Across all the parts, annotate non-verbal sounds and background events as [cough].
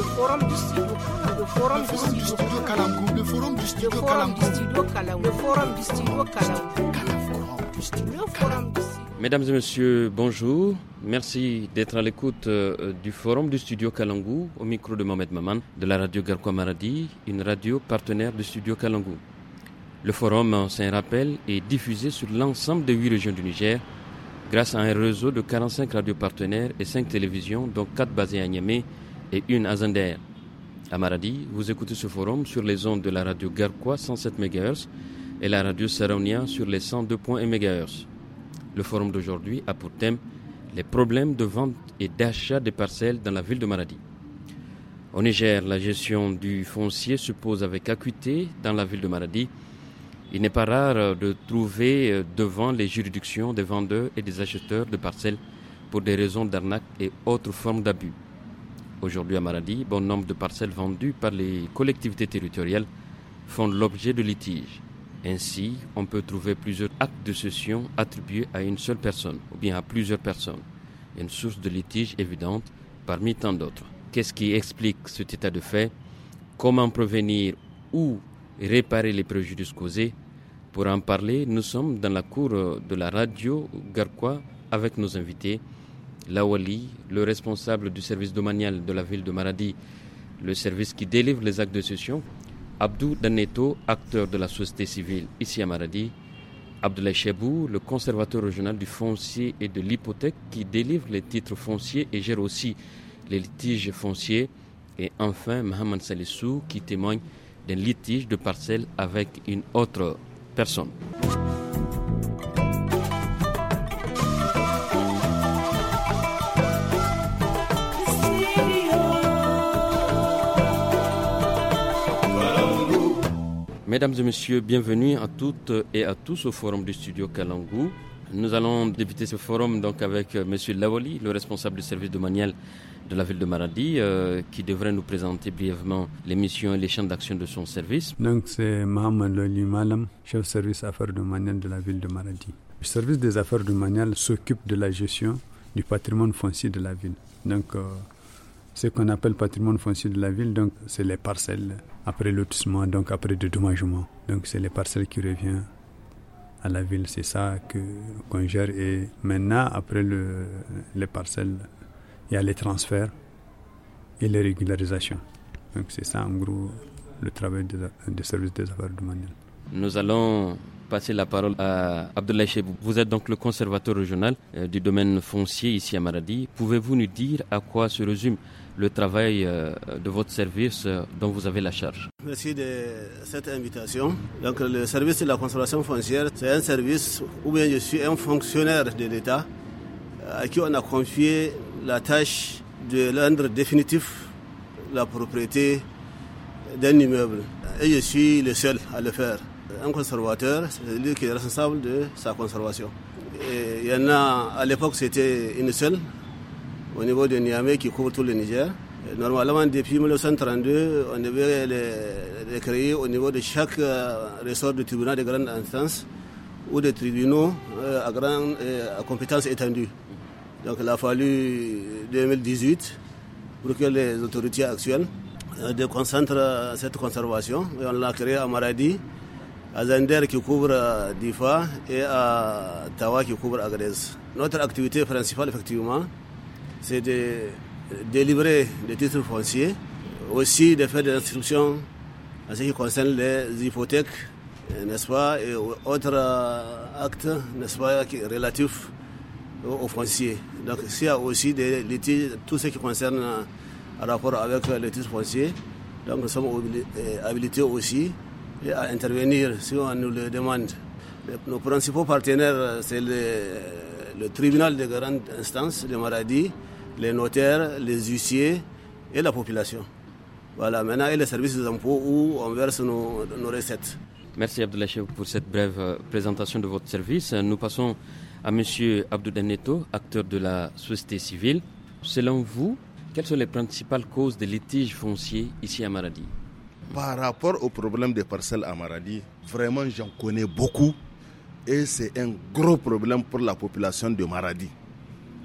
le forum du studio le du studio le forum du studio Mesdames et messieurs, bonjour. Merci d'être à l'écoute euh, du forum du studio Kalangou au micro de Mohamed Maman de la radio Garkwa Maradi, une radio partenaire du studio Kalangou. Le forum, c'est un rappel, est diffusé sur l'ensemble des huit régions du Niger grâce à un réseau de 45 radios partenaires et 5 télévisions, dont 4 basées à Niamey et une à À Maradi, vous écoutez ce forum sur les ondes de la radio Garquois 107 MHz et la radio Saronia sur les 102.1 MHz. Le forum d'aujourd'hui a pour thème les problèmes de vente et d'achat des parcelles dans la ville de Maradi. Au Niger, la gestion du foncier se pose avec acuité dans la ville de Maradi. Il n'est pas rare de trouver devant les juridictions des vendeurs et des acheteurs de parcelles pour des raisons d'arnaque et autres formes d'abus. Aujourd'hui à Maradi, bon nombre de parcelles vendues par les collectivités territoriales font l'objet de litiges. Ainsi, on peut trouver plusieurs actes de cession attribués à une seule personne ou bien à plusieurs personnes, une source de litige évidente parmi tant d'autres. Qu'est-ce qui explique cet état de fait Comment prévenir ou réparer les préjudices causés Pour en parler, nous sommes dans la cour de la radio Garquois avec nos invités. Lawali, le responsable du service domanial de la ville de Maradi, le service qui délivre les actes de cession, Abdou Daneto, acteur de la société civile ici à Maradi, Abdoulaye Chebou, le conservateur régional du foncier et de l'hypothèque qui délivre les titres fonciers et gère aussi les litiges fonciers, et enfin Mohamed Salissou qui témoigne d'un litige de parcelle avec une autre personne. Mesdames et messieurs, bienvenue à toutes et à tous au forum du studio Kalangou. Nous allons débuter ce forum donc avec euh, monsieur Lawali, le responsable du service de domanial de la ville de Maradi, euh, qui devrait nous présenter brièvement les missions et les champs d'action de son service. Donc c'est Mohamed Loli Malam, chef service affaires domaniales de la ville de Maradi. Le service des affaires domaniales s'occupe de la gestion du patrimoine foncier de la ville. Donc euh, ce qu'on appelle patrimoine foncier de la ville, donc c'est les parcelles après lotissement, donc après dédommagement. Donc c'est les parcelles qui reviennent à la ville, c'est ça qu'on gère. Et maintenant, après le, les parcelles, il y a les transferts et les régularisations. Donc c'est ça en gros le travail des de services des affaires domaniales. Nous allons passer la parole à Abdoulaye Chebou. Vous êtes donc le conservateur régional euh, du domaine foncier ici à Maradi. Pouvez-vous nous dire à quoi se résume le travail euh, de votre service euh, dont vous avez la charge. Merci de cette invitation. Donc, le service de la conservation foncière, c'est un service où je suis un fonctionnaire de l'État à qui on a confié la tâche de rendre définitif la propriété d'un immeuble. Et je suis le seul à le faire un conservateur, cest à qui est responsable de sa conservation. il y en a, à l'époque, c'était une seule, au niveau de Niamey, qui couvre tout le Niger. normalement, depuis 1932, on devait les, créer au niveau de chaque euh, ressort de tribunal de grande instance ou de tribunaux euh, à, grande, euh, compétence étendue. Donc, il a fallu 2018 pour que les autorités actuelles de déconcentrent cette conservation. Et on l'a créé à Maradi à Zender qui couvre Difa et à Tawa qui couvre Grèce. Notre activité principale, effectivement, c'est de délivrer des titres fonciers, aussi de faire des instructions en ce qui concerne les hypothèques, n'est-ce pas, et autres euh, actes, n'est-ce pas, relatifs aux fonciers. Donc, il y a aussi des litiges, tout ce qui concerne un euh, rapport avec euh, les titres fonciers. Donc, nous sommes habilités aussi à intervenir si on nous le demande. Nos principaux partenaires, c'est le, tribunal de grande instance de Maradi, les notaires, les huissiers et la population. Voilà, maintenant, et les services des où on verse nos, recettes. Merci Abdoulaye pour cette brève euh, présentation de votre service. Nous passons à M. Abdou acteur de la société civile. Selon vous, quelles sont les principales causes des litiges fonciers ici à Maradi par rapport au problème des parcelles à Maradi, vraiment j'en connais beaucoup et c'est un gros problème pour la population de Maradi.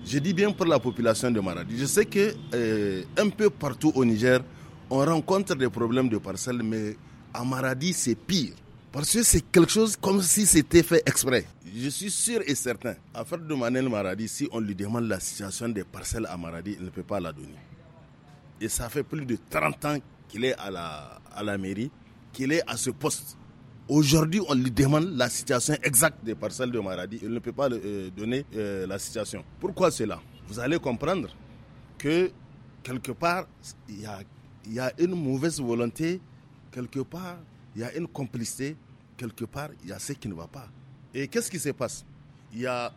Je dis bien pour la population de Maradi. Je sais que euh, un peu partout au Niger, on rencontre des problèmes de parcelles, mais à Maradi, c'est pire. Parce que c'est quelque chose comme si c'était fait exprès. Je suis sûr et certain, à faire de Manel Maradi, si on lui demande la situation des parcelles à Maradi, il ne peut pas la donner. Et ça fait plus de 30 ans qu'il est à la, à la mairie qu'il est à ce poste. Aujourd'hui, on lui demande la situation exacte des parcelles de Maradi. Il ne peut pas euh, donner euh, la situation. Pourquoi cela Vous allez comprendre que quelque part, il y a, une mauvaise volonté, quelque part, il y a une complicité, quelque part, il y a ce qui ne va pas. Et qu'est-ce qui se passe Il y a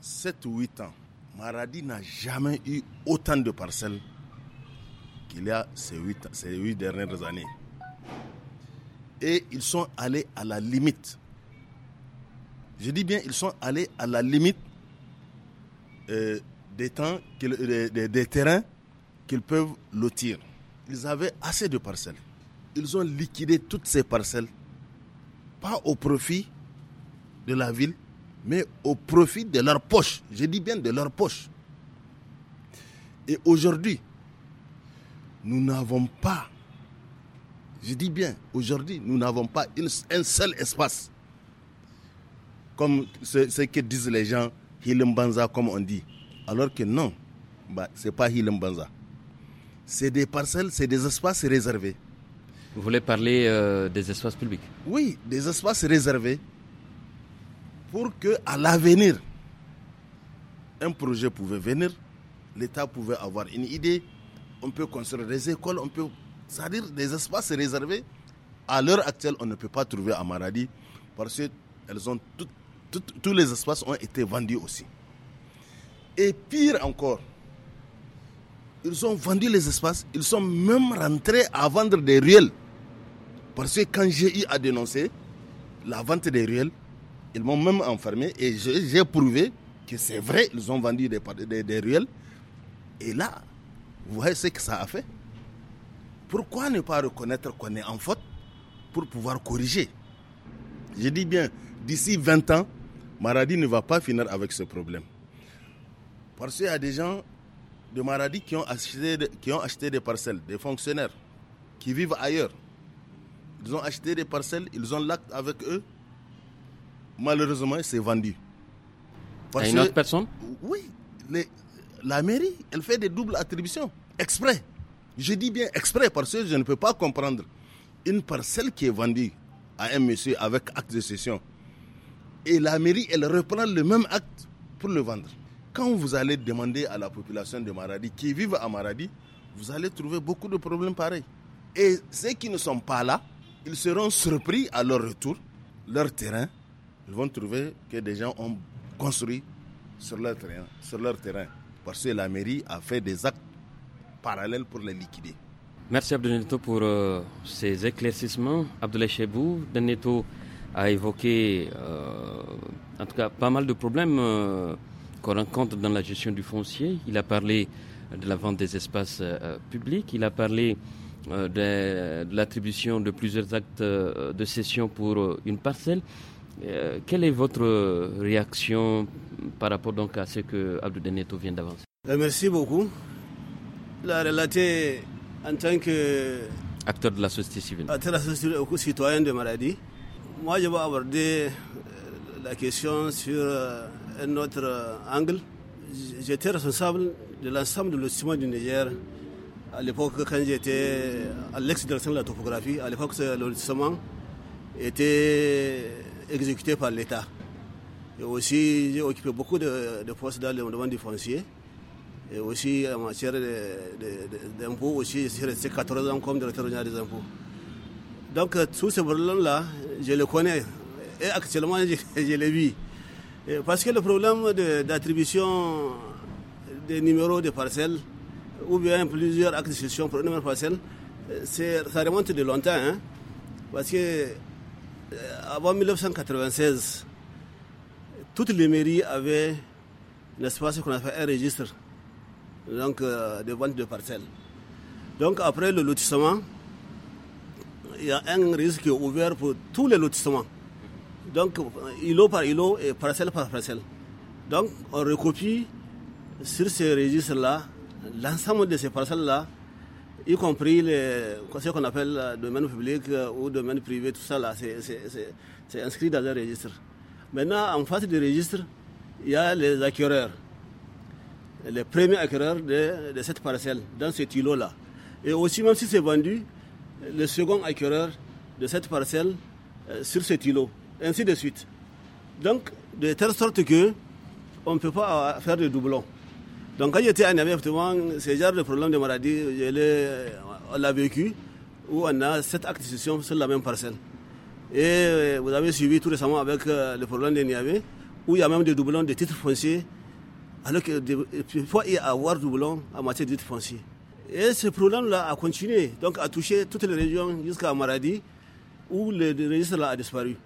7 ou 8 ans, Maradi n'a jamais eu autant de parcelles qu'il y a ces 8, ces 8 dernières années et ils sont allés à la limite. Je dis bien, ils sont allés à la limite euh, des temps, des, des terrains qu'ils peuvent lotir. Ils avaient assez de parcelles. Ils ont liquidé toutes ces parcelles, pas au profit de la ville, mais au profit de leur poche. Je dis bien de leur poche. Et aujourd'hui, nous n'avons pas je dis bien, aujourd'hui, nous n'avons pas un seul espace. Comme ce, que disent les gens, Hilimbanza, comme on dit. Alors que non, bah, ce n'est pas Hilimbanza. C'est des parcelles, c'est des espaces réservés. Vous voulez parler euh, des espaces publics Oui, des espaces réservés pour que à l'avenir, un projet pouvait venir, l'État pouvait avoir une idée, on peut construire des écoles, on peut c'est-à-dire des espaces réservés. À l'heure actuelle, on ne peut pas trouver à Maradi parce que elles ont tous les espaces ont été vendus aussi. Et pire encore, ils ont vendu les espaces, ils sont même rentrés à vendre des ruelles. Parce que quand j'ai eu à dénoncer la vente des ruelles, ils m'ont même enfermé et j'ai prouvé que c'est vrai, ils ont vendu des, des, des ruelles. Et là, vous voyez ce que ça a fait pourquoi ne pas reconnaître qu'on est en faute pour pouvoir corriger Je dis bien, d'ici 20 ans, Maradi ne va pas finir avec ce problème. Parce qu'il y a des gens de Maradi qui ont, acheté, qui ont acheté des parcelles, des fonctionnaires, qui vivent ailleurs. Ils ont acheté des parcelles, ils ont l'acte avec eux. Malheureusement, c'est vendu. une autre personne Oui, la mairie, elle fait des doubles attributions, exprès. Je dis bien exprès parce que je ne peux pas comprendre une parcelle qui est vendue à un monsieur avec acte de cession. Et la mairie, elle reprend le même acte pour le vendre. Quand vous allez demander à la population de Maradi, qui vivent à Maradi, vous allez trouver beaucoup de problèmes pareils. Et ceux qui ne sont pas là, ils seront surpris à leur retour, leur terrain. Ils vont trouver que des gens ont construit sur leur sur leur terrain parce que la mairie a fait des actes parallèle pour les liquider. Merci pour euh, ces éclaircissements. Abdel Chebou, Deneto a évoqué euh, en tout cas pas mal de problèmes euh, qu'on rencontre dans la gestion du foncier. Il a parlé de la vente des espaces publics, il a parlé de, l'attribution de plusieurs actes de cession pour une parcelle. quelle est votre réaction par rapport donc à ce que Abdel Deneto vient d'avancer Merci beaucoup l'a relater en tant que... Acteur de la société civile. Acteur de la société civile, citoyen de maladie. Moi, je vais aborder euh, la question sur euh, un autre euh, angle. J'étais responsable de l'ensemble de lotissement du Niger à l'époque quand j'étais à l'ex-direction de la topographie. À l'époque, le était exécuté par l'État. Et aussi, j'ai occupé beaucoup de, de postes dans le domaine du foncier et aussi en matière d'impôts, aussi resté 14 ans comme directeur général des impôts. Donc tous euh, ces problèmes-là, je les connais et actuellement je, [laughs] le les vis. parce que le problème d'attribution des numéros de parcelles, ou bien plusieurs acquisitions pour numéro de parcelle, euh, ça remonte de longtemps. Hein. Parce que euh, avant 1996, toutes les mairies avaient l'espace qu'on appelle un registre donc, euh, de vente de parcelles. Donc après le lotissement, il y a un risque ouvert pour tous les lotissements. Donc îlot par îlot et parcelle par parcelle. Donc on recopie sur ces registres-là l'ensemble de ces parcelles-là, y compris les, ce qu'on appelle domaine public euh, ou domaine privé, tout ça là, c'est inscrit dans un registre. Maintenant, en face du registre, il y a les acquéreurs le premiers acquéreurs de, de cette parcelle, dans ce îlot-là. Et aussi, même si c'est vendu, le second acquéreur de cette parcelle euh, sur ce îlot, ainsi de suite. Donc, de telle sorte que on ne peut pas faire de doublons. Donc, quand j'étais à effectivement, c'est genre de problème de maladie, on l'a vécu, où on a cette acquisition sur la même parcelle. Et euh, vous avez suivi tout récemment avec euh, le problème de Niamey, où il y a même des doublons de titres fonciers alors que il faut y avoir du blanc en matière de foncier. Et ce problème-là a continué, donc a touché toutes les régions jusqu'à Maradi, où le registre là a disparu.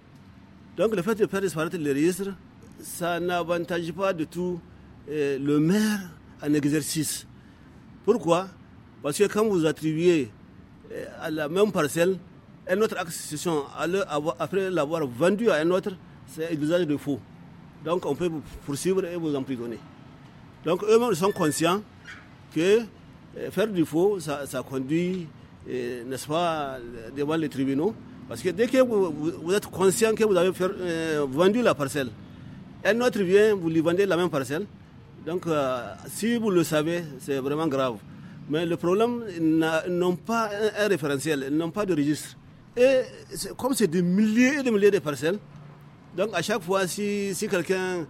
Donc le fait de faire disparaître le registre, ça n'avantage pas du tout eh, le maire en exercice. Pourquoi Parce que quand vous attribuez eh, à la même parcelle un autre accession, après l'avoir vendu à un autre, c'est un usage de faux. Donc on peut vous poursuivre et vous emprisonner. Donc eux-mêmes sont conscients que euh, faire du faux, ça, conduit, euh, n'est-ce pas, devant les tribunaux. Parce que dès que vous, êtes conscient que vous avez euh, vendu la parcelle, un autre vient, vous lui vendez la même parcelle. Donc si vous le savez, c'est vraiment grave. Mais le problème, ils n'ont pas un, référentiel, ils n'ont pas de registre. Et comme c'est des milliers et des milliers de parcelles, donc à chaque fois, si quelqu'un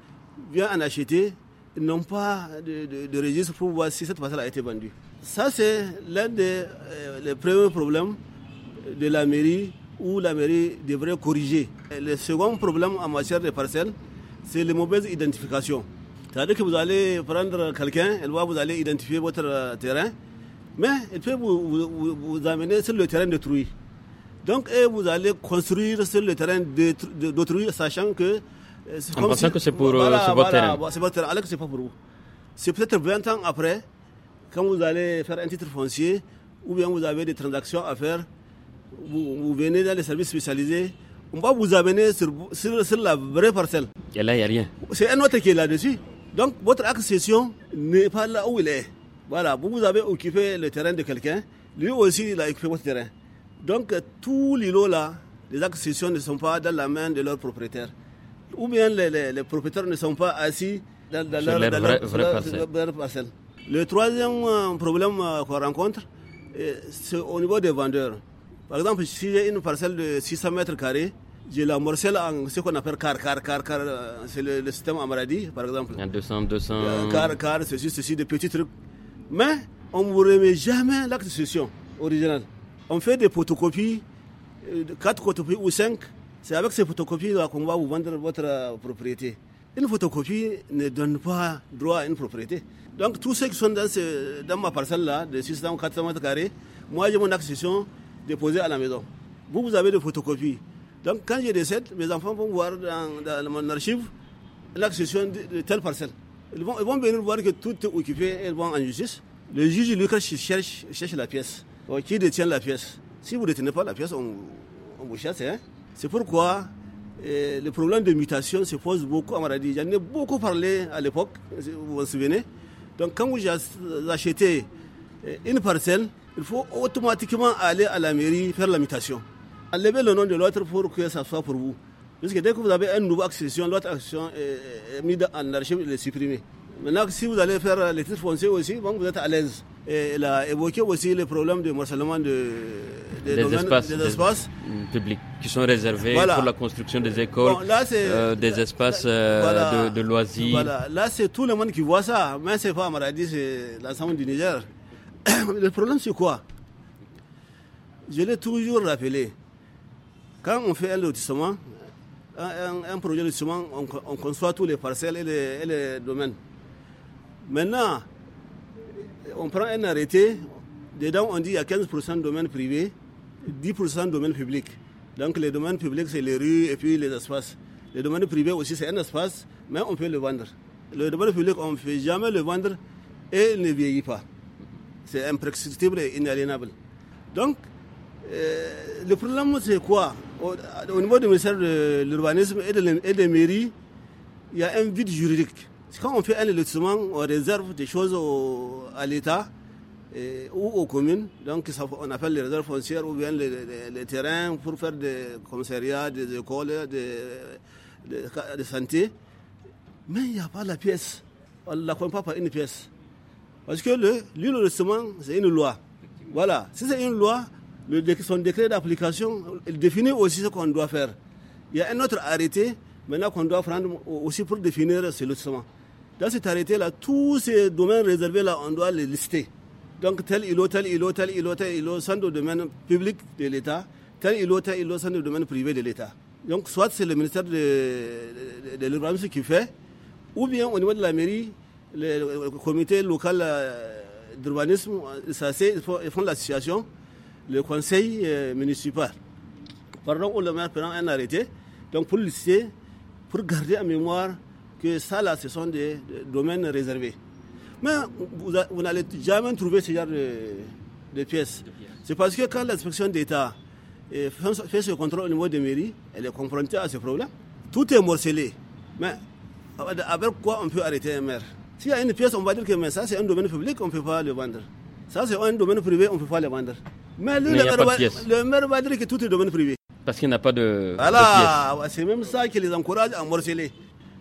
vient en acheter, n'ont pas de, de, registre pour voir si cette parcelle a été vendue. Ça, c'est l'un des euh, premiers problèmes de la mairie où la mairie devrait corriger. le second problème en matière de parcelles, c'est les mauvaises identifications. C'est-à-dire que vous allez prendre quelqu'un, elle va vous allez identifier votre euh, terrain, mais elle peut vous, vous, vous amener sur le terrain détruit. Donc, et vous allez construire sur le terrain d'autrui, sachant que euh, que c'est pour euh, votre alors pas pour vous. C'est peut-être 20 ans après, quand vous allez faire un titre foncier, ou bien vous avez des transactions à faire, vous, venez dans les services spécialisés, on va vous amener sur, la vraie parcelle. Et là, il n'y a rien. C'est un autre qui est là-dessus. Donc, votre accession n'est pas là où il est. Voilà, vous, avez occupé le terrain de quelqu'un, lui aussi, il a occupé votre terrain. Donc, tous les lots là, les accessions ne sont pas dans la main de leur propriétaire ou bien les, propriétaires ne sont pas assis dans, dans leur, dans parcelle. Le troisième euh, problème euh, qu'on rencontre, euh, c'est au niveau des vendeurs. Par exemple, si j'ai une parcelle de 600 mètres carrés, j'ai la morcelle en ce qu'on appelle car, car, car, car, c'est le, le, système Amaradi, par exemple. Il y 200, 200. Car, car, ceci, ceci, des petits trucs. Mais on ne vous remet jamais l'acte de session original. On fait des photocopies, 4 photocopies ou 5 c'est avec ces photocopies qu'on va vous vendre votre propriété. Une photocopie ne donne pas droit à une propriété. Donc tous ceux qui sont dans, ma parcelle-là, de 600 ou 400 mètres carrés, moi j'ai mon accession déposée à la maison. Vous, vous avez des photocopies. Donc quand je décède, mes enfants vont voir dans, mon archive l'accession de, telle parcelle. Ils vont, venir voir que tout est occupé et ils vont en justice. Le juge, lui, cherche, la pièce. Euh, qui détient la pièce Si vous ne détenez pas la pièce, on, on vous chasse. Hein c'est pourquoi euh, le problème de mutation se pose beaucoup à Maradi. J'en ai beaucoup parlé à l'époque, vous vous souvenez. Donc quand vous achetez euh, une parcelle, il faut automatiquement aller à la mairie faire la mutation. Enlever le nom de l'autre pour que ça soit pour vous. Parce que dès que vous avez une nouvelle accession, l'autre accession est, mise en archive et supprimée. Maintenant, si vous allez faire les titres fonciers aussi, vous êtes à l'aise elle a évoqué aussi les problèmes de morcellement de, des, espaces, publics qui sont réservés pour la construction des écoles, euh, des espaces euh, de, loisirs. Là, c'est tout le monde qui voit ça. Mais c'est pas Maradi, c'est l'ensemble du Niger. [coughs] le problème, c'est quoi Je l'ai toujours rappelé. Quand on fait un lotissement, un, projet de lotissement, on, conçoit tous les parcelles et les domaines. Maintenant, on prend un arrêté, dedans on dit qu'il y a 15% de domaine privé, 10% de domaine public. Donc les domaines publics, c'est les rues et puis les espaces. Les domaines privés aussi, c'est un espace, mais on peut le vendre. Le domaine public, on ne fait jamais le vendre et il ne vieillit pas. C'est imprescriptible et inaliénable. Donc, euh, le problème, c'est quoi au, niveau du ministère de l'urbanisme et, de, et des mairies, il y a un vide juridique. Quand on fait un lotissement, on réserve des choses à l'État ou aux communes. Donc, ça, on appelle les réserves foncières ou bien les, terrains pour faire des commissariats, des écoles, des, santé. Mais il n'y a pas la pièce. On ne la compte pas par une pièce. Parce que le, le lotissement, c'est une loi. Voilà. Si c'est une loi, son décret d'application définit aussi ce qu'on doit faire. Il y a un autre arrêté maintenant qu'on doit prendre aussi pour définir ce lotissement. Dans cet arrêté-là, tous ces domaines réservés-là, on doit les lister. Donc tel îlot, tel îlot, tel îlot, tel îlot, sont de domaine public de l'État, tel îlot, tel îlot, sont de domaine privé de l'État. Donc soit c'est le ministère de, de, l'urbanisme qui fait, ou bien au niveau de la mairie, le, comité local euh, d'urbanisme, ça c'est, ils font l'association, le conseil euh, municipal. Pardon, ou le maire prend un arrêté, donc pour lister, pour garder en mémoire que ça là, ce sont des, domaines réservés. Mais vous, n'allez jamais trouver ce genre de, pièces. C'est parce que quand l'inspection d'État eh, fait ce contrôle au niveau des mairies, elle est confrontée à ce problème. Tout est morcelé. Mais avec quoi on peut arrêter un maire S'il y a une pièce, on va dire que ça c'est un domaine public, on ne peut pas le vendre. Ça c'est un domaine privé, on ne peut pas le vendre. Mais lui, le, maire va, dire que tout est domaine privé. Parce qu'il n'a pas de. Voilà, c'est même ça qui les encourage à morceler.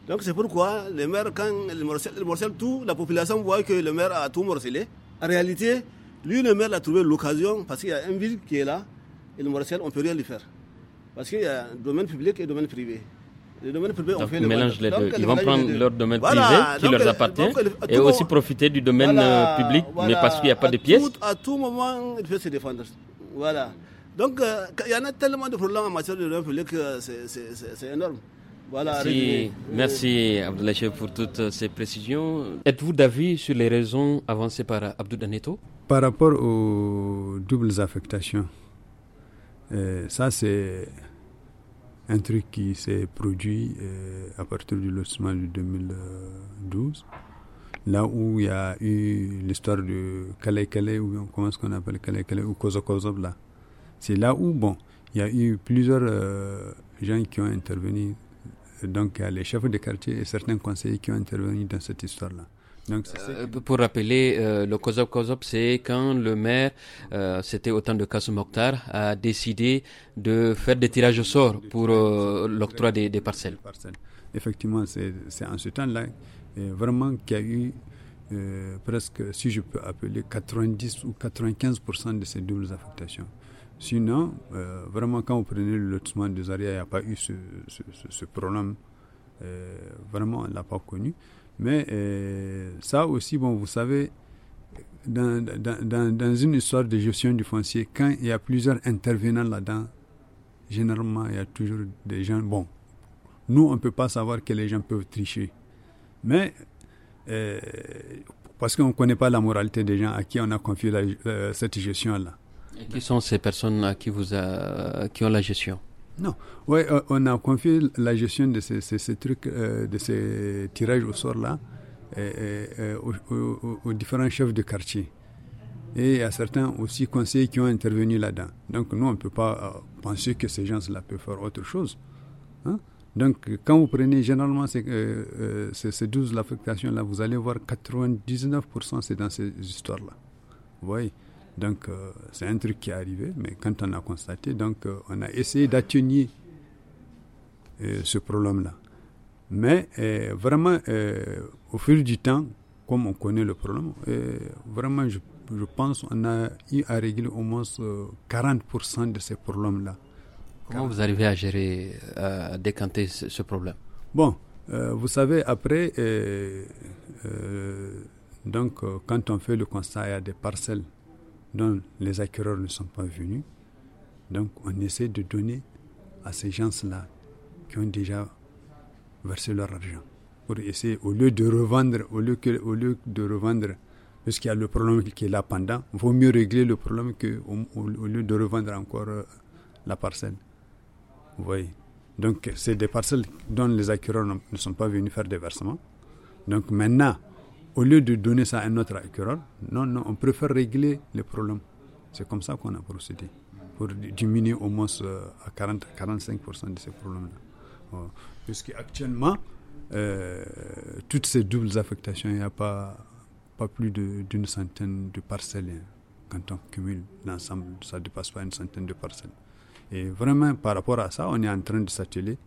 Donc c'est pourquoi le maire, quand il morcelle, tout, la population voit que le maire a tout morcelé. En réalité, lui, le maire, a trouvé l'occasion, parce qu'il y a un ville qui est là, et le morcelle, on ne peut rien lui faire. Parce qu'il y a domaine public et domaine privé. Le domaine privé, on fait les deux. Ils vont prendre leur domaine privé qui leur appartient et aussi profiter du domaine euh, public, mais parce qu'il n'y a pas de pièces. à tout moment, il peut se défendre. Voilà. Donc, euh, il y en a tellement de problèmes en matière de domaine public, que c'est énorme. Voilà, merci Abdoulaye pour toutes ces précisions. Êtes-vous d'avis sur les raisons avancées par Abdou Daneto Par rapport aux doubles affectations, euh, ça c'est un truc qui s'est produit euh, à partir du lancement de 2012, là où il y a eu l'histoire de Calais Calais, ou comment est-ce qu'on appelle Calais ou Kozo C'est là où, bon, il y a eu plusieurs euh, gens qui ont intervenu donc les chefs de quartier et certains conseillers qui ont intervenu dans cette histoire-là. Euh, pour rappeler, euh, le COSOP, COSOP, c'est quand le maire, euh, c'était au temps de Kassou Mokhtar, a décidé de faire des tirages au sort pour l'octroi des, des, parcelles. Effectivement, c'est en ce temps-là, vraiment, qu'il y a eu presque, si je peux appeler, 90 ou 95% de ces doubles affectations. Sinon, euh, vraiment, quand vous prenez le lotissement des arrières, il n'y a pas eu ce, problème. Euh, vraiment, on ne l'a pas connu. Mais euh, ça aussi, bon, vous savez, dans, dans, dans, une histoire de gestion du foncier, quand il y a plusieurs intervenants là-dedans, généralement, il y a toujours des gens. Bon, nous, on ne peut pas savoir que les gens peuvent tricher. Mais parce qu'on ne connaît pas la moralité des gens à qui on a confié cette gestion-là qui sont ces personnes là qui, vous qui ont la gestion non. Oui, euh, on a confié la gestion de ces, trucs, euh, de ces tirages au sort-là euh, aux, différents chefs de quartier. Et à certains aussi conseillers qui ont intervenu là-dedans. Donc nous, on ne peut pas penser que ces gens-là peuvent faire autre chose. Hein. Donc quand vous prenez généralement ces, ces 12 laffectation là vous allez voir 99% c'est dans ces histoires-là. Vous voyez donc, euh, c'est un truc qui est arrivé, mais quand on a constaté, donc, euh, on a essayé d'atténuer euh, ce problème-là. Mais vraiment, au fil du temps, comme on connaît le problème, vraiment, je, pense qu'on a eu à régler au moins 40% de ces problèmes-là. Comment vous arrivez à gérer, à décanter ce, problème Bon, vous savez, après, donc, quand on fait le constat, il y a des parcelles dont les acquéreurs ne sont pas venus. Donc on essaie de donner à ces gens-là qui ont déjà versé leur argent pour essayer, au lieu de revendre, au lieu, au lieu de revendre, parce qu'il y a le problème qui est là pendant, vaut mieux régler le problème que, au, lieu de revendre encore euh, la parcelle. Vous voyez Donc, c'est des parcelles dont les acquéreurs ne sont pas venus faire des versements. Donc, maintenant, au lieu de donner ça à un autre non, non, on préfère régler les problèmes. C'est comme ça qu'on a procédé, pour diminuer au moins euh, à 40-45% de ces problèmes-là. Oh. Puisque actuellement, euh, toutes ces doubles affectations, il n'y a pas, pas plus d'une centaine de parcelles. Hein. Quand on cumule l'ensemble, ça ne dépasse pas une centaine de parcelles. Et vraiment, par rapport à ça, on est en train de s'atteler,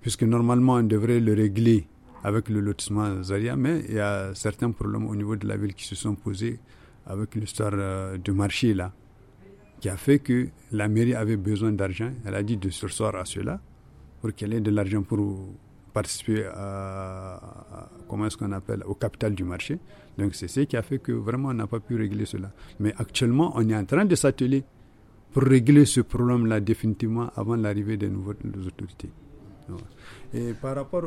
puisque normalement, on devrait le régler avec le lotissement Zaria, mais il y a certains problèmes au niveau de la ville qui se sont posés avec l'histoire euh, du marché là, qui a fait que la mairie avait besoin d'argent. Elle a dit de sursoir à cela pour qu'elle ait de l'argent pour participer à, comment est-ce qu'on appelle au capital du marché. Donc c'est ce qui a fait que vraiment on n'a pas pu régler cela. Mais actuellement, on est en train de s'atteler pour régler ce problème-là définitivement avant l'arrivée des nouvelles autorités. Et par rapport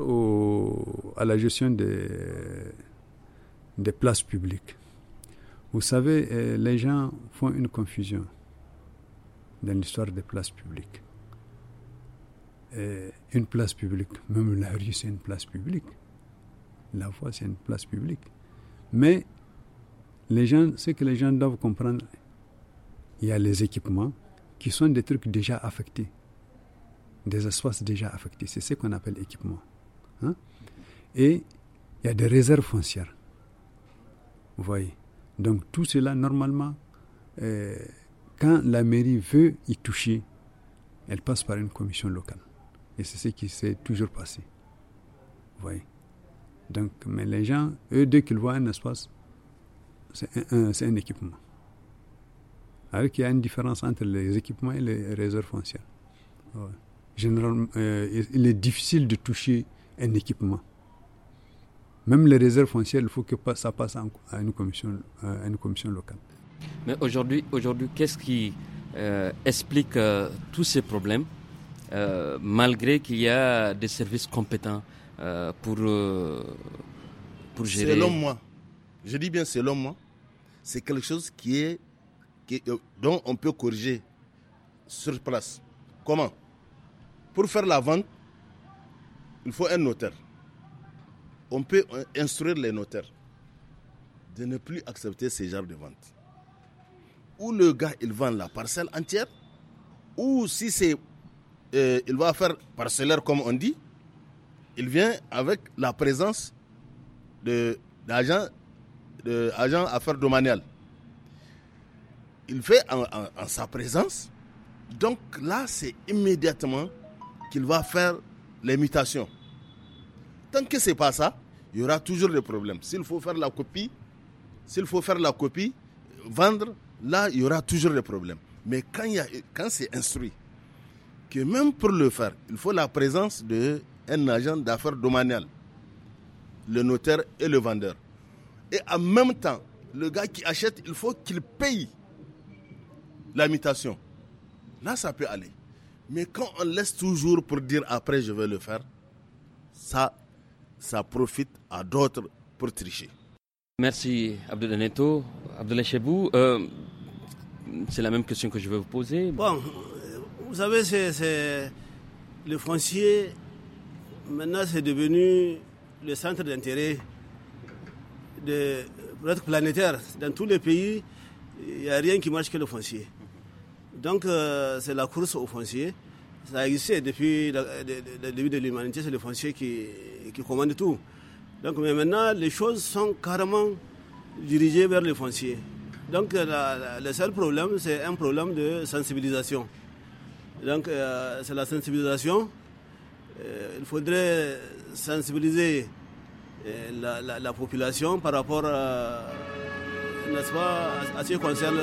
à la gestion des, des places publiques, vous savez, euh, les gens font une confusion dans l'histoire des places publiques. une place publique, même la rue, c'est une place publique. La voie, c'est une place publique. Mais les gens, ce que les gens doivent comprendre, il y a les équipements qui sont des trucs déjà affectés des espaces déjà affectés. C'est ce qu'on appelle équipement. Hein. Et il y a des réserves foncières. Vous voyez Donc tout cela, normalement, euh, quand la mairie veut y toucher, elle passe par une commission locale. Et c'est ce qui s'est toujours passé. Vous voyez Donc, mais les gens, eux, dès qu'ils voient un espace, c'est un, équipement. Alors qu'il y a une différence entre les équipements et les réserves foncières généralement, euh, il est difficile de toucher un équipement. Même les réserves foncières, il faut que ça passe à une commission, euh, une commission locale. Mais aujourd'hui, aujourd'hui qu'est-ce qui euh, explique tous ces problèmes, malgré qu'il y a des services compétents pour, gérer Selon moi, je dis bien selon moi, c'est quelque chose qui est, dont on peut corriger sur place. Comment pour faire la vente, il faut un notaire. On peut instruire les notaires de ne plus accepter ce genre de vente. Ou le gars, il vend la parcelle entière, ou si c'est, euh, il va faire parcellaire comme on dit, il vient avec la présence d'agents de, affaires domaniales. Il fait en sa présence. Donc là, c'est immédiatement qu'il va faire les mutations. Tant que ce n'est pas ça, il y aura toujours des problèmes. S'il faut faire la copie, s'il faut faire la copie, vendre, là, il y aura toujours des problèmes. Mais quand, il y a, quand c'est instruit, que même pour le faire, il faut la présence d'un agent d'affaires domanial, le notaire et le vendeur. Et en même temps, le gars qui achète, il faut qu'il paye la mutation. Là, ça peut aller. Mais quand on laisse toujours pour dire après je vais le faire, ça, ça profite à d'autres pour tricher. Merci Abdelaneto, Neto. Chebou, euh, c'est la même question que je vais vous poser. Bon, euh, vous savez, c'est le foncier, maintenant c'est devenu le centre d'intérêt de être planétaire. Dans tous les pays, il n'y a rien qui marche que le foncier. Donc euh, c'est la course aux fonciers. Ça a existé depuis le début de l'humanité, c'est les foncier qui, qui, commande tout. Donc mais maintenant, les choses sont carrément dirigées vers les fonciers. Donc euh, le seul problème, c'est un problème de sensibilisation. Donc euh, c'est la sensibilisation. il faudrait sensibiliser la, population par rapport à, n'est-ce qui concerne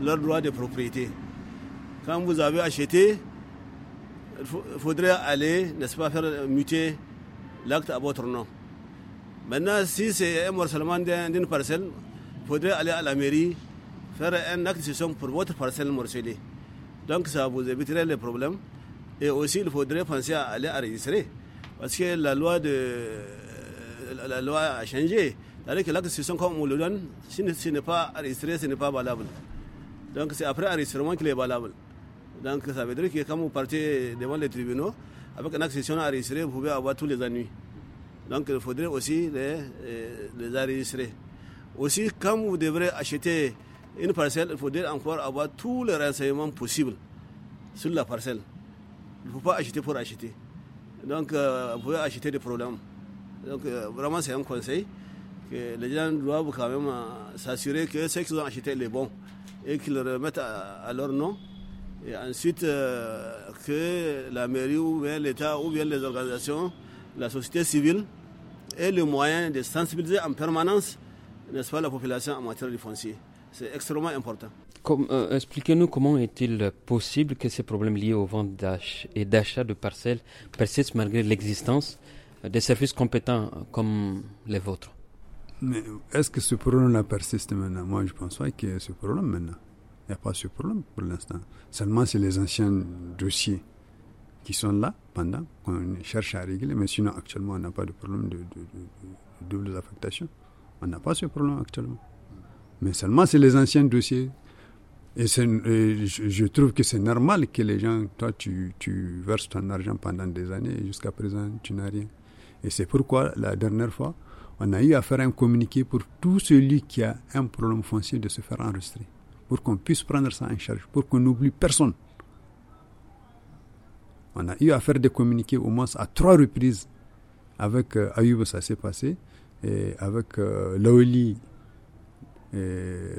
leur droit de propriété. Quand vous avez acheté, il faudrait aller, n'est-ce pas, faire muter l'acte à votre nom. Maintenant, si c'est un morcellement d'une parcelle, il faudrait aller à la mairie, faire un acte de session pour votre parcelle morcelée. Donc, ça vous éviterait les problèmes. Et aussi, il faudrait penser à aller enregistrer. Parce que la loi, de, euh, la loi a changé. cest que l'acte de cession, comme on le donne, si ce n'est pas enregistré, ce n'est pas valable. Donc c'est après enregistrement qu'il est valable. Donc ça veut dire que quand vous partez devant les tribunaux, avec un accession enregistré, vous pouvez avoir tous les ennuis. Donc il faudrait aussi les, euh, les enregistrer. Aussi, quand vous devrez acheter une parcelle, il faudrait encore avoir tous les renseignements possibles sur la parcelle. Il ne faut pas acheter pour acheter. Donc euh, vous pouvez acheter des problèmes. Donc euh, vraiment c'est un conseil que les gens doivent quand même s'assurer que ceux qui ont acheté les bons et qu'ils le remettent à, leur nom. Et ensuite, euh, que la mairie ou bien l'État ou bien les organisations, la société civile aient le moyen de sensibiliser en permanence, la population en matière de foncier. C'est extrêmement important. Euh, expliquez-nous comment est-il possible que ces problèmes liés aux ventes et d'achat de parcelles persistent malgré l'existence euh, des services compétents comme les vôtres mais est-ce que ce problème-là persiste maintenant Moi, je pense pas qu'il y ait ce problème maintenant. Il n'y a pas ce problème pour l'instant. Seulement, c'est les anciens dossiers qui sont là pendant qu'on cherche à régler. Mais sinon, actuellement, on n'a pas de problème de, double affectation. On n'a pas ce problème actuellement. Mais seulement, c'est les anciens dossiers. Et, je, trouve que c'est normal que les gens, toi, tu, tu verses ton argent pendant des années et jusqu'à présent, tu n'as rien. Et c'est pourquoi, la dernière fois, on a eu à faire un communiqué pour tout celui qui a un problème foncier de se faire enregistrer, pour qu'on puisse prendre ça en charge, pour qu'on n'oublie personne. On a eu à faire des communiqués au moins à trois reprises. Avec euh, Ayub, ça s'est passé. Et avec euh, et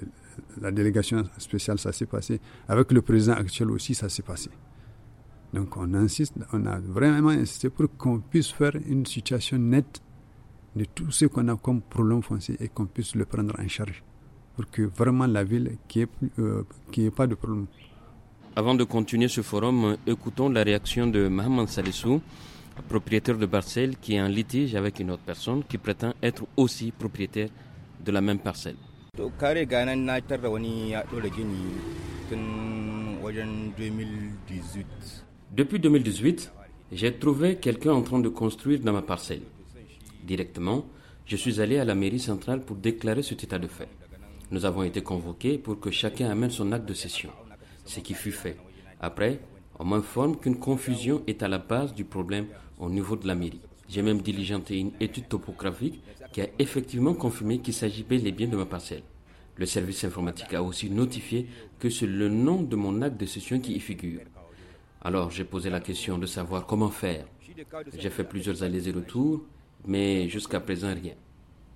la délégation spéciale, ça s'est passé. Avec le président actuel aussi, ça s'est passé. Donc on insiste, on a vraiment insisté pour qu'on puisse faire une situation nette de tout ce qu'on a comme problème foncier et qu'on puisse le prendre en charge pour que vraiment la ville qui est euh, qui pas de problème. Avant de continuer ce forum, écoutons la réaction de Mohamed Salissou, propriétaire de parcelle qui est en litige avec une autre personne qui prétend être aussi propriétaire de la même parcelle. depuis 2018 j'ai trouvé quelqu'un en train de construire dans ma parcelle Directement, je suis allé à la mairie centrale pour déclarer cet état de fait. Nous avons été convoqués pour que chacun amène son acte de session, ce qui fut fait. Après, on m'informe qu'une confusion est à la base du problème au niveau de la mairie. J'ai même diligenté une étude topographique qui a effectivement confirmé qu'il s'agit des biens de ma parcelle. Le service informatique a aussi notifié que c'est le nom de mon acte de session qui y figure. Alors j'ai posé la question de savoir comment faire. J'ai fait plusieurs allers et retours mais jusqu'à présent rien.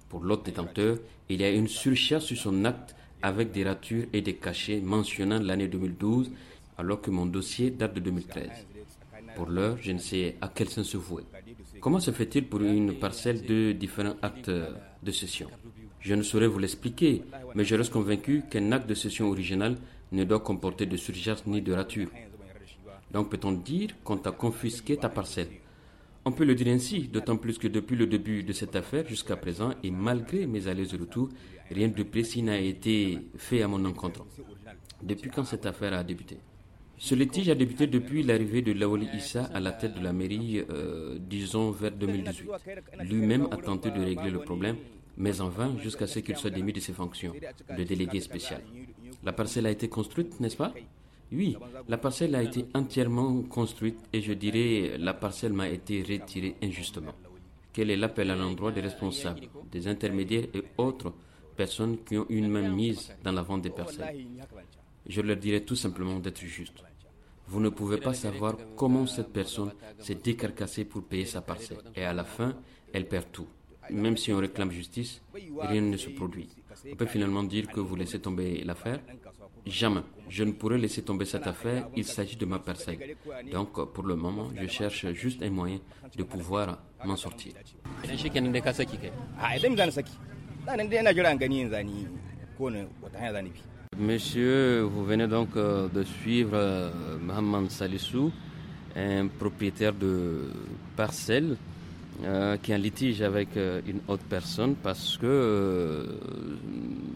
Pour l'autre détenteur, il y a une surcharge sur son acte avec des ratures et des cachets mentionnant l'année 2012, alors que mon dossier date de 2013. Pour l'heure, je ne sais à quel sens se vouer. Comment se fait-il pour une parcelle de différents actes de cession Je ne saurais vous l'expliquer, mais je reste convaincu qu'un acte de cession original ne doit comporter de surcharge ni de ratures. Donc peut-on dire qu'on t'a confisqué ta parcelle on peut le dire ainsi, d'autant plus que depuis le début de cette affaire jusqu'à présent, et malgré mes allers et retours, rien de précis n'a été fait à mon encontre. Depuis quand cette affaire a débuté ce litige a débuté depuis l'arrivée de Laoli Issa à la tête de la mairie, euh, disons vers 2018. Lui-même a tenté de régler le problème, mais en vain jusqu'à ce qu'il soit démis de ses fonctions de délégué spécial. La parcelle a été construite, n'est-ce pas oui, la parcelle a été entièrement construite et je dirais la parcelle m'a été retirée injustement. Quel est l'appel à l'endroit des responsables, des intermédiaires et autres personnes qui ont une main mise dans la vente des parcelles Je leur dirais tout simplement d'être juste. Vous ne pouvez pas savoir comment cette personne s'est décarcassée pour payer sa parcelle. Et à la fin, elle perd tout. Même si on réclame justice, rien ne se produit. On peut finalement dire que vous laissez tomber l'affaire Jamais. Je ne pourrais laisser tomber cette affaire. Il s'agit de ma personne. Donc, pour le moment, je cherche juste un moyen de pouvoir m'en sortir. Monsieur, vous venez donc euh, de suivre euh, Mohamed Salissou, un propriétaire de parcelle euh, qui est en litige avec une autre personne parce que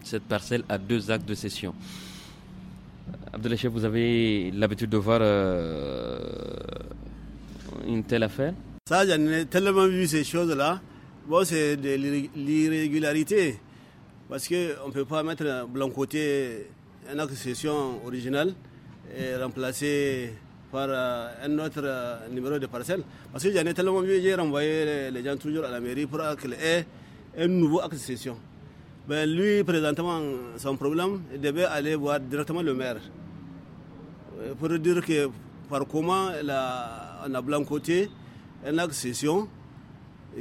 cette parcelle a deux actes de cession. Abdelache, vous avez l'habitude de voir euh, une telle affaire Ça, j'en ai tellement vu ces choses-là. c'est de l'irrégularité. Parce qu'on ne peut pas mettre blanc côté un accession originale et remplacer par euh, un autre euh, numéro de parcelle. Parce que j'en ai tellement vu, j'ai renvoyé les gens toujours à la mairie pour qu'il y ait un nouveau accession. Ben, lui, présentement, son problème, il devait aller voir directement le maire euh, pour dire que par comment la, on a blancoté une accession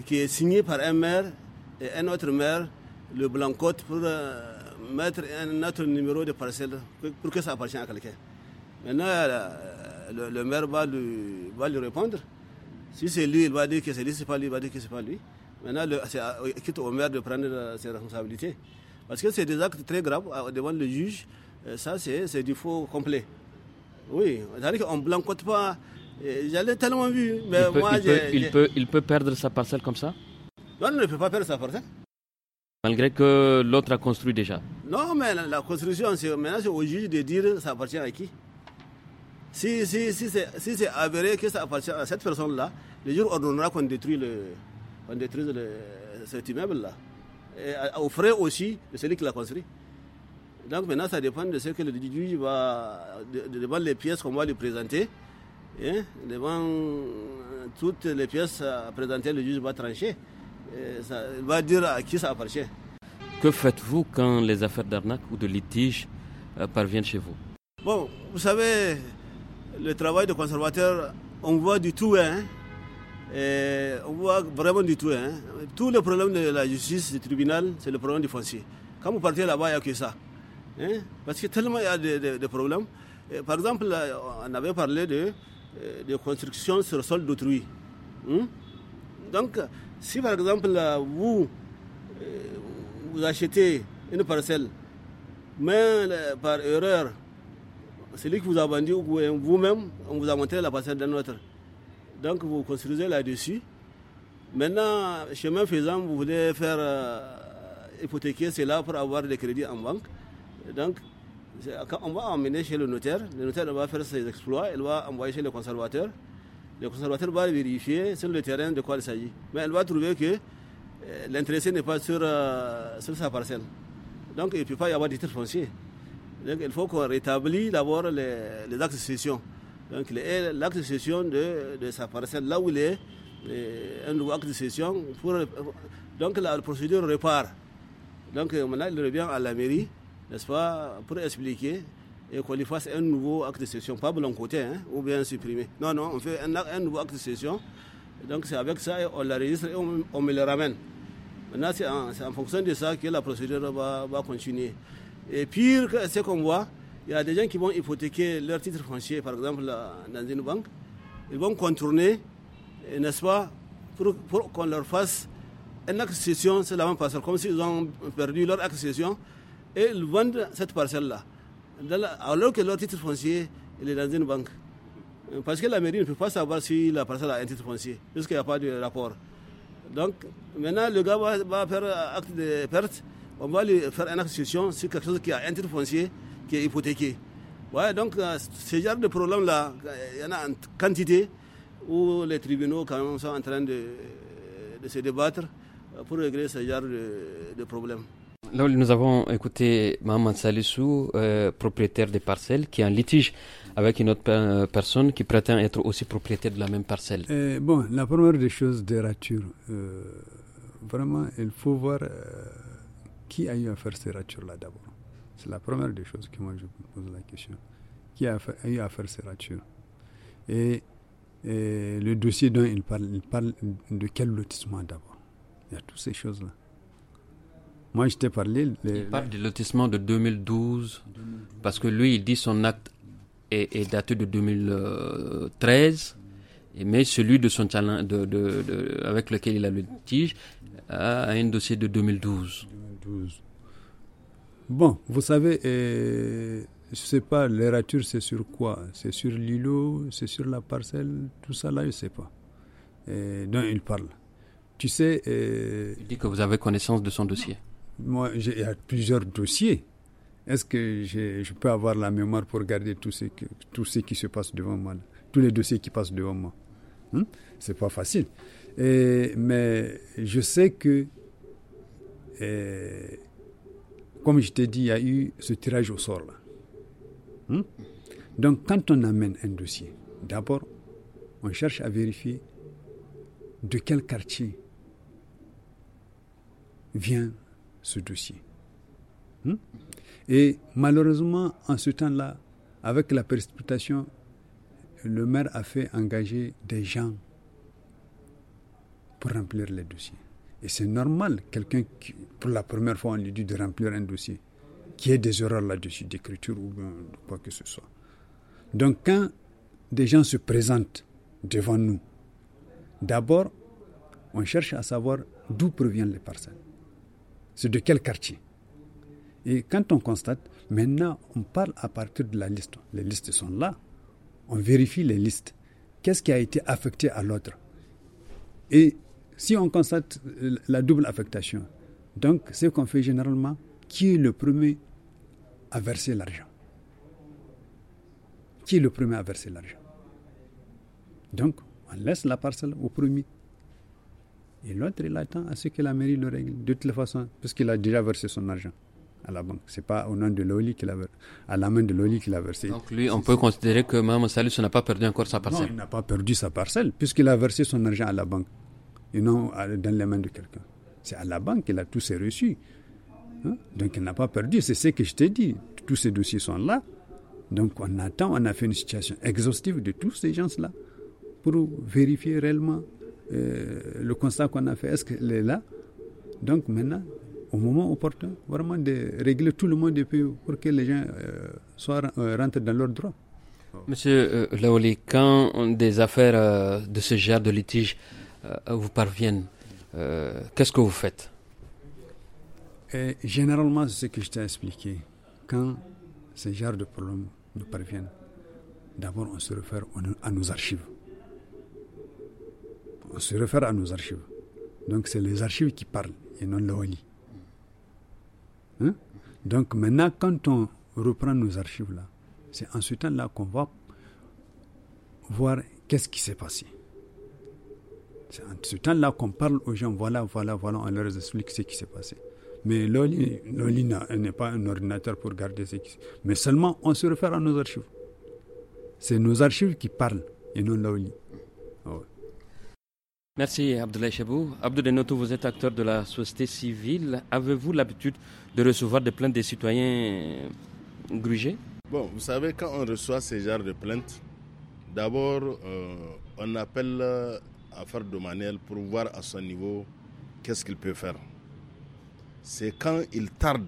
qui est signée par un maire et un autre maire le blancote pour euh, mettre un autre numéro de parcelle pour que ça appartienne à quelqu'un. Maintenant, euh, le, maire va lui, va lui, répondre. Si c'est lui, il va dire que c'est lui, c'est pas lui, il va dire que c'est pas lui. Maintenant, c'est ah, quitte au maire de prendre euh, ses responsabilités. Parce que c'est des actes très graves euh, devant le juge. Euh, ça, c'est du faux complet. Oui, cest dire qu'on ne blancote pas. J'allais tellement vu. Mais il, peut, moi, il, il, peut, perdre sa parcelle comme ça Non, il ne peut pas perdre sa parcelle. Malgré que l'autre a construit déjà Non, mais la, construction, maintenant, c'est au juge de dire ça appartient à qui. Si, c'est avéré que ça appartient à cette personne-là, le juge ordonnera qu'on détruit le, on détruise cet immeuble-là. Euh, au frais aussi de celui qui l'a construit. Donc maintenant, ça dépend de ce que le juge va, devant les pièces qu'on va lui présenter, hein, devant euh, toutes les pièces à présenter, le juge va trancher. ça, il va dire à qui ça appartient. Que faites-vous quand les affaires d'arnaque ou de litige euh, parviennent chez vous Bon, vous savez, le travail de conservateur, on voit du tout. Hein, euh, on voit vraiment du tout. Hein. Tout le problème de la justice, du tribunal, c'est le problème du foncier. Quand vous partez là-bas, il n'y a que ça. Hein. Parce que tellement il y a des problèmes. Euh, par exemple, on avait parlé de, euh, de construction sur le sol d'autrui. Hein. Donc, si par exemple, vous, vous achetez une parcelle, mais par erreur, celui qui vous a vendu vous-même, on vous a monté la parcelle d'un autre. Donc vous construisez là-dessus. Maintenant, chemin faisant, vous voulez faire euh, hypothéquer cela pour avoir des crédits en banque. Donc, on va emmener chez le notaire. Le notaire va faire ses exploits. Il va envoyer chez le conservateur. Le conservateur va vérifier sur le terrain de quoi il s'agit. Mais il va trouver que euh, l'intéressé n'est pas sur, euh, sur sa parcelle. Donc, il ne peut pas y avoir de titre foncier. Donc, il faut qu'on rétablisse d'abord les, les de cession. Donc, l'acte de cession de, sa parcelle, là où il est, euh, un nouveau acte de cession, pour, donc la procédure repart. Donc, euh, maintenant, il revient à la mairie, n'est-ce pas, pour expliquer et qu'on lui fasse un nouveau acte de cession, pas blanc côté, hein, ou bien supprimer Non, non, on fait un, nouveau acte de cession. Donc, c'est avec ça, on registre et on, me le ramène. Maintenant, c'est en, fonction de ça que la procédure va, va continuer. Et pire, que ce qu'on voit, il y a des gens qui vont hypothéquer leur titre foncier, par exemple, dans une banque. Ils vont contourner, n'est-ce pas, pour, qu'on leur fasse une accession sur la même parcelle, comme s'ils ont perdu leur accession, et ils vendent cette parcelle-là. Alors que leur titre foncier, il est dans une banque. Parce que la mairie ne peut pas savoir si la parcelle a un titre foncier, puisqu'il n'y a pas de rapport. Donc, maintenant, le gars va, va faire acte de perte, on va lui faire une accession sur quelque chose qui a un titre foncier, qui est hypothéqué. donc euh, ce genre de problème-là, il y en a en quantité où les tribunaux quand même sont en train de, euh, de se débattre euh, pour régler ce genre de, problème. Là, nous avons écouté Maman Salissou, propriétaire des parcelles, qui est en litige avec une autre personne qui prétend être aussi propriétaire de la même parcelle. bon, la première des choses des ratures, vraiment, il faut voir qui a eu à faire ces ratures-là d'abord. C'est la première des choses que moi je pose la question. Qui a, eu a à faire ces ratures et, le dossier dont il parle, il parle de quel lotissement d'abord Il y a toutes ces choses-là. Moi, je t'ai parlé. il parle du lotissement de 2012, parce que lui, il dit son acte est, daté de 2013 mais celui de son challenge de, avec lequel il a le tige euh, a un dossier de 2012. 2012. Bon, vous savez, euh, je ne sais pas, l'érature, c'est sur quoi C'est sur l'îlot, c'est sur la parcelle, tout ça là, je ne sais pas. Euh, dont il parle. Tu sais. Euh, il dit que vous avez connaissance de son dossier. Moi, j'ai plusieurs dossiers. Est-ce que je peux avoir la mémoire pour garder tout ce, qui se passe devant moi, tous les dossiers qui passent devant moi hein? Ce n'est pas facile. mais je sais que euh, comme je t'ai dit, il y a eu ce tirage au sort là. Hmm? Donc quand on amène un dossier, d'abord, on cherche à vérifier de quel quartier vient ce dossier. Hmm? Et malheureusement, en ce temps-là, avec la précipitation, le maire a fait engager des gens pour remplir les dossiers. Et c'est normal, quelqu'un qui, pour la première fois, on lui dit de remplir un dossier, qui ait des erreurs là-dessus, d'écriture ou quoi que ce soit. Donc quand des gens se présentent devant nous, d'abord, on cherche à savoir d'où proviennent les parcelles. C'est de quel quartier. Et quand on constate, maintenant, on parle à partir de la liste. Les listes sont là. On vérifie les listes. Qu'est-ce qui a été affecté à l'autre Et si on constate la double affectation, donc ce qu'on fait généralement, qui est le premier à verser l'argent Qui est le premier à verser l'argent Donc, on laisse la parcelle au premier. Et l'autre, il attend à ce que la mairie le règle, de toute façon, puisqu'il a déjà versé son argent à la banque. C'est pas au nom de l'OLI qu'il a à la main de l'OLI qu'il a versé. Donc lui, on peut considérer que Mme Salus n'a pas perdu encore sa parcelle. Non, il n'a pas perdu sa parcelle puisqu'il a versé son argent à la banque et non euh, dans les mains de quelqu'un. C'est à la banque qu'il a tous ses reçus. Hein? Donc elle n'a pas perdu, c'est ce que je t'ai dit. Tous ces dossiers sont là. Donc on attend, on a fait une situation exhaustive de tous ces gens-là pour vérifier réellement euh, le constat qu'on a fait, est-ce qu'elle est là Donc maintenant, au moment opportun, vraiment de régler tout le monde pour que les gens euh, soient, rentrent dans leur droit. Monsieur Laoli, quand des affaires de ce genre de litige euh, vous parviennent, euh, qu'est-ce que vous faites et euh, généralement, c'est ce que je t'ai expliqué. Quand ce genre de problèmes nous parviennent, d'abord on se réfère à nos archives. On se réfère à nos archives. Donc c'est les archives qui parlent et non le hein Donc maintenant, quand on reprend nos archives là, c'est en ce temps là qu'on va voir qu'est-ce qui s'est passé. C'est en ce temps-là qu'on parle aux gens, voilà, voilà, voilà, on leur explique ce qui s'est passé. Mais l'OLI n'est pas un ordinateur pour garder ce qui Mais seulement, on se réfère à nos archives. C'est nos archives qui parlent et non l'OLI. Ah Merci Abdoulaye Chabou. Abdoulaye Noto, vous êtes acteur de la société civile. Avez-vous l'habitude de recevoir des plaintes des citoyens grugés Bon, vous savez, quand on reçoit ce genre de plaintes, d'abord, euh, on appelle de Manuel pour voir à son niveau qu'est-ce qu'il peut faire. C'est quand il tarde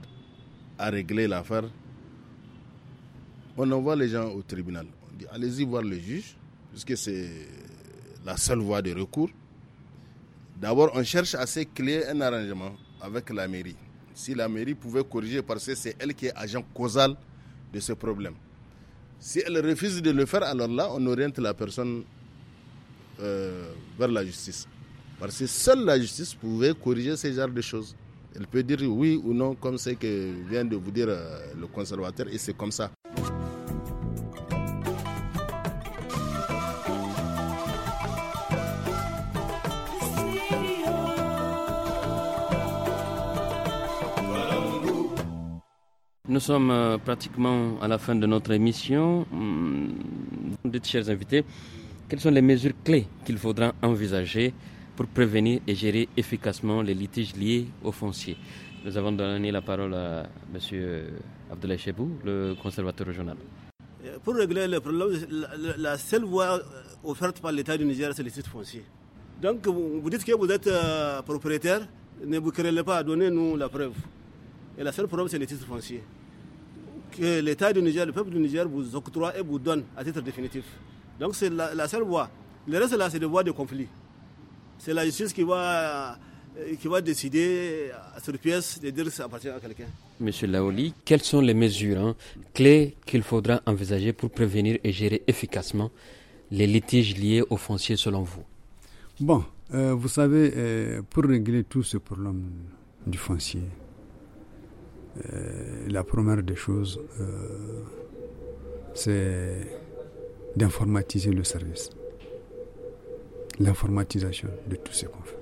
à régler l'affaire, on envoie les gens au tribunal. On dit allez-y voir le juge, puisque c'est la seule voie de recours. D'abord, on cherche à se créer un arrangement avec la mairie. Si la mairie pouvait corriger, parce que c'est elle qui est agent causal de ce problème. Si elle refuse de le faire, alors là, on oriente la personne euh, vers la justice. Parce que seule la justice pouvait corriger ces genre de choses. Elle peut dire oui ou non, comme ce que vient de vous dire euh, le conservateur, et c'est comme ça. Nous sommes euh, pratiquement à la fin de notre émission. De hum, chers invités, quelles sont les mesures clés qu'il faudra envisager pour prévenir et gérer efficacement les litiges liés aux fonciers Nous avons donné la parole à M. Abdoulaye Chebou, le conservateur régional. Euh, pour régler le problème, la, seule voie euh, offerte par l'État du Niger, c'est les titres fonciers. Donc, vous dites que vous êtes euh, propriétaire, ne vous querellez pas, donnez-nous la preuve. Et la seule preuve, c'est les titres fonciers Que l'État du Niger, le peuple du Niger vous octroie et vous donne à titre définitif. Donc c'est la, seule voie. Le reste là, c'est la voie de conflit. C'est la justice qui va, euh, qui va décider sur pièce de dire que ça appartient à quelqu'un. Monsieur Laoli, quelles sont les mesures hein, clés qu'il faudra envisager pour prévenir et gérer efficacement les litiges liés au foncier selon vous Bon, euh, vous savez, euh, pour régler tout ce problème du foncier, la première des choses, c'est d'informatiser le service. L'informatisation de tout ce qu'on fait.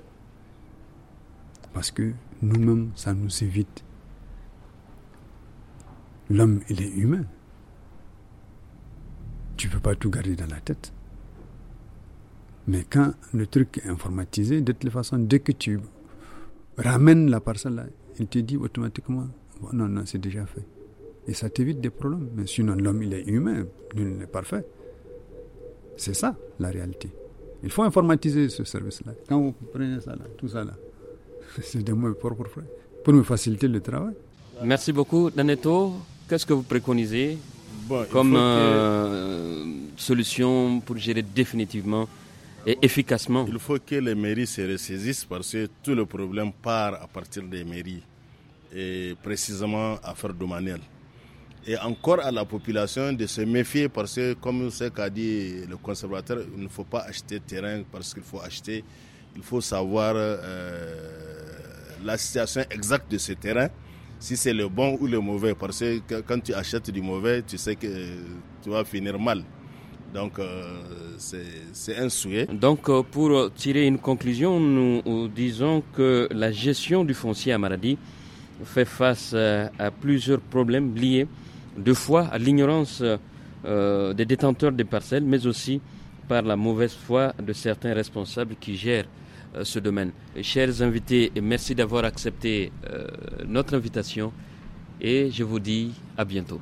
Parce que nous-mêmes, ça nous évite. L'homme, il est humain. Tu ne peux pas tout garder dans la tête. Mais quand le truc est informatisé, de toute façon, dès que tu ramènes la personne là, il te dit automatiquement, non, non, c'est déjà fait. Et ça t'évite des problèmes. Mais sinon, l'homme, il est humain, il n'est pas parfait. C'est ça, la réalité. Il faut informatiser ce service-là. Quand vous prenez ça, là, tout ça, là, [laughs] c'est de moi pour me faciliter le travail. Merci beaucoup. Daneto, qu'est-ce que vous préconisez comme euh, solution pour gérer définitivement et efficacement Il faut que les mairies se ressaisissent parce que tout le problème part à partir des mairies et précisément à faire manuel et encore à la population de se méfier parce que, comme c'est qu'a dit le conservateur, il ne faut pas acheter terrain parce qu'il faut acheter, il faut savoir euh, la situation exacte de ce terrain, si c'est le bon ou le mauvais. Parce que quand tu achètes du mauvais, tu sais que euh, tu vas finir mal. Donc, euh, c'est un souhait. Donc, pour tirer une conclusion, nous disons que la gestion du foncier à Maradi fait face à plusieurs problèmes liés deux fois à l'ignorance euh, des détenteurs des parcelles, mais aussi par la mauvaise foi de certains responsables qui gèrent euh, ce domaine. Chers invités, merci d'avoir accepté euh, notre invitation et je vous dis à bientôt.